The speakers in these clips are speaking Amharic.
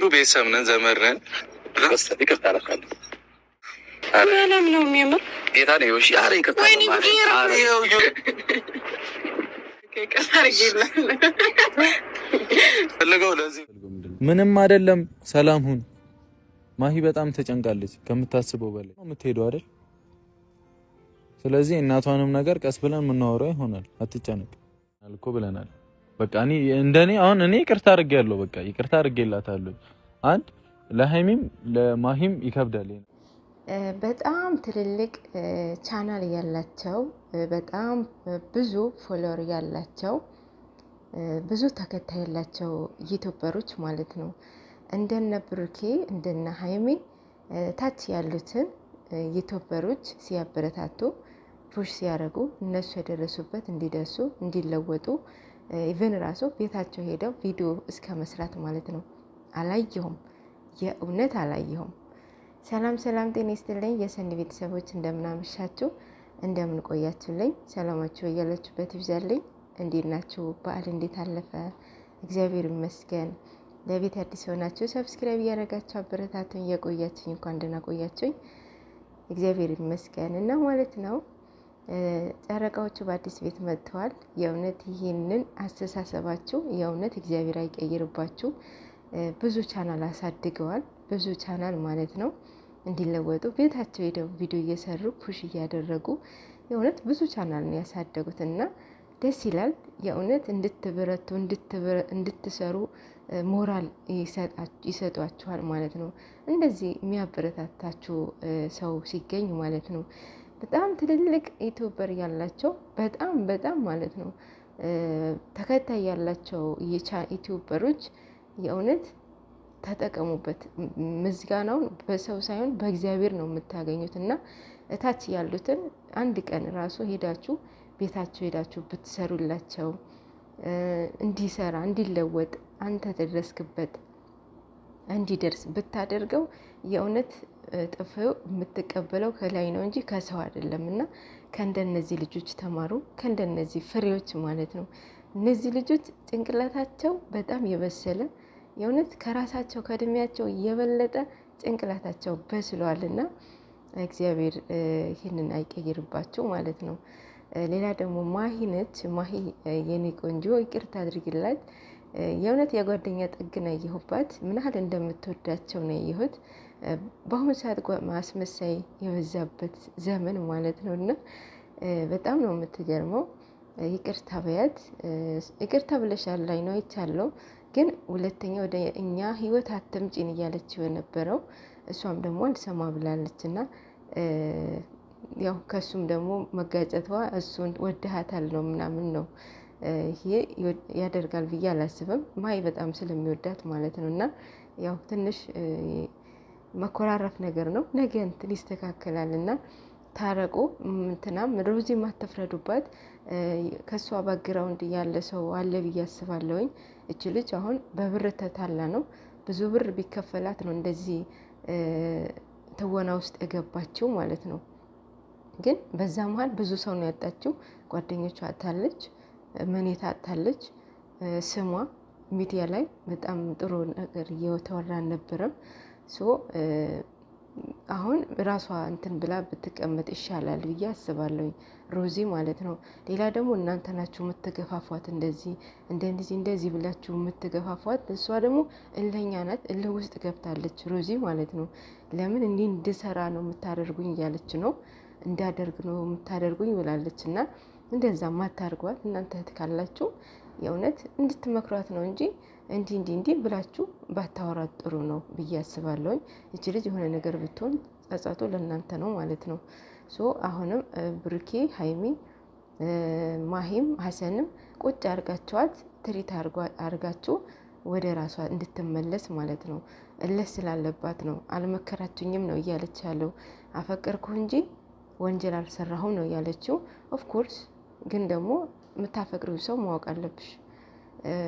ጥሩ ቤተሰብ ነን፣ ዘመድ ነን። ይቅርታ ነው የሚምር ጌታ ነው ሺ አረ ይቅርታ ምንም አይደለም። ሰላም ሁን። ማሂ በጣም ተጨንቃለች ከምታስበው በላይ የምትሄደው አይደል? ስለዚህ እናቷንም ነገር ቀስ ብለን የምናወራው ይሆናል። አትጨነቅ አልኮ ብለናል። በቃ እኔ እንደኔ አሁን እኔ ይቅርታ ያለው በቃ ይቅርታ አድርጌላታለሁ። አንድ ለሀይሚም ለማሂም ይከብዳል። በጣም ትልልቅ ቻናል ያላቸው በጣም ብዙ ፎሎወር ያላቸው ብዙ ተከታይ ያላቸው ዩቱበሮች ማለት ነው እንደነ ብሩኬ እንደነ ሀይሚ ታች ያሉትን ዩቱበሮች ሲያበረታቱ ፑሽ ሲያደርጉ እነሱ የደረሱበት እንዲደርሱ እንዲለወጡ ኢቨን ራሱ ቤታቸው ሄደው ቪዲዮ እስከ መስራት ማለት ነው። አላየሁም፣ የእውነት አላየሁም። ሰላም ሰላም፣ ጤና ይስጥልኝ የሰኒ ቤተሰቦች፣ እንደምናመሻችሁ፣ እንደምንቆያችሁልኝ፣ ሰላማችሁ በያላችሁበት ይብዛልኝ። እንዴት ናችሁ? በዓል እንዴት አለፈ? እግዚአብሔር ይመስገን። ለቤት አዲስ የሆናችሁ ሰብስክራይብ እያደረጋችሁ አበረታቱኝ። የቆያችሁኝ እንኳን ደህና ቆያችሁኝ። እግዚአብሔር ይመስገን እና ማለት ነው ጨረቃዎቹ በአዲስ ቤት መጥተዋል። የእውነት ይህንን አስተሳሰባችሁ የእውነት እግዚአብሔር አይቀይርባችሁ። ብዙ ቻናል አሳድገዋል፣ ብዙ ቻናል ማለት ነው እንዲለወጡ ቤታቸው ሄደው ቪዲዮ እየሰሩ ፑሽ እያደረጉ የእውነት ብዙ ቻናል ነው ያሳደጉት እና ደስ ይላል። የእውነት እንድትበረቱ እንድትሰሩ ሞራል ይሰጧችኋል ማለት ነው። እንደዚህ የሚያበረታታችሁ ሰው ሲገኝ ማለት ነው። በጣም ትልልቅ ዩቱበር ያላቸው በጣም በጣም ማለት ነው ተከታይ ያላቸው ዩቱበሮች የእውነት ተጠቀሙበት። ምዝጋናውን በሰው ሳይሆን በእግዚአብሔር ነው የምታገኙት እና እታች ያሉትን አንድ ቀን ራሱ ሄዳችሁ ቤታቸው ሄዳችሁ ብትሰሩላቸው እንዲሰራ እንዲለወጥ አንተ ተደረስክበት እንዲደርስ ብታደርገው የእውነት ጥፍው የምትቀበለው ከላይ ነው እንጂ ከሰው አይደለም። እና ከእንደነዚህ ልጆች ተማሩ፣ ከእንደነዚህ ፍሬዎች ማለት ነው። እነዚህ ልጆች ጭንቅላታቸው በጣም የበሰለ የእውነት ከራሳቸው ከእድሜያቸው የበለጠ ጭንቅላታቸው በስሏል። እና እግዚአብሔር ይህንን አይቀይርባቸው ማለት ነው። ሌላ ደግሞ ማሂ ነች። ማሂ የኔ ቆንጆ ይቅርታ አድርግላት። የእውነት የጓደኛ ጥግን አየሁባት። ምን ያህል እንደምትወዳቸው ነው ያየሁት። በአሁኑ ሰዓት ማስመሳይ የበዛበት ዘመን ማለት ነው እና በጣም ነው የምትገርመው። ይቅርታ በያት ይቅርታ ብለሻል ላይ ነው ይቻለው፣ ግን ሁለተኛ ወደ እኛ ህይወት አትምጪን እያለችው የነበረው እሷም ደግሞ አልሰማ ብላለች እና ያው ከሱም ደግሞ መጋጨቷ እሱን ወድሃታል ነው ምናምን ነው ይሄ ያደርጋል ብዬ አላስብም። ማይ በጣም ስለሚወዳት ማለት ነው እና ያው ትንሽ መኮራረፍ ነገር ነው። ነገ እንትን ይስተካከላል እና ታረቁ። እንትናም ሮዚ የማትፍረዱባት ከእሷ ባግራውንድ ያለ ሰው አለ ብዬ አስባለሁኝ። እች ልጅ አሁን በብር ተታላ ነው። ብዙ ብር ቢከፈላት ነው እንደዚህ ትወና ውስጥ የገባችው ማለት ነው። ግን በዛ መሀል ብዙ ሰው ነው ያጣችው። ጓደኞቿ አታለች፣ መኔታ አታለች። ስሟ ሚዲያ ላይ በጣም ጥሩ ነገር እየተወራ አልነበረም። ሶ አሁን ራሷ እንትን ብላ ብትቀመጥ ይሻላል ብዬ አስባለሁኝ ሮዚ ማለት ነው። ሌላ ደግሞ እናንተ ናችሁ የምትገፋፏት፣ እንደዚህ እንደዚህ እንደዚህ ብላችሁ የምትገፋፏት። እሷ ደግሞ እለኛ ናት፣ እልህ ውስጥ ገብታለች ሮዚ ማለት ነው። ለምን እንዲህ እንድሰራ ነው የምታደርጉኝ እያለች ነው፣ እንዳደርግ ነው የምታደርጉኝ ብላለች። እና እንደዛ ማታርጓት እናንተ ካላችሁ የእውነት እንድትመክሯት ነው እንጂ እንዲህ እንዲህ እንዲህ ብላችሁ ባታወራት ጥሩ ነው ብዬ አስባለሁኝ። እች ልጅ የሆነ ነገር ብትሆን ጸጸቱ ለእናንተ ነው ማለት ነው። ሶ አሁንም ብርኬ ሀይሚ፣ ማሂም ሀሰንም ቁጭ አርጋችኋት ትሪት አርጋችሁ ወደ ራሷ እንድትመለስ ማለት ነው። እለስ ስላለባት ነው። አልመከራችኝም ነው እያለች ያለው። አፈቅርኩ እንጂ ወንጀል አልሰራሁም ነው ያለችው። ኦፍኮርስ ግን ደግሞ የምታፈቅሪውን ሰው ማወቅ አለብሽ።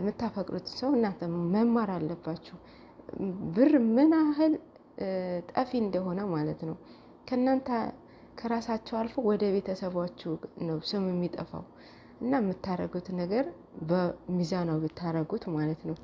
የምታፈቅሩትን ሰው እናንተ መማር አለባችሁ። ብር ምን ያህል ጠፊ እንደሆነ ማለት ነው። ከእናንተ ከራሳቸው አልፎ ወደ ቤተሰባችሁ ነው ስም የሚጠፋው እና የምታደርጉት ነገር በሚዛናው ብታደርጉት ማለት ነው።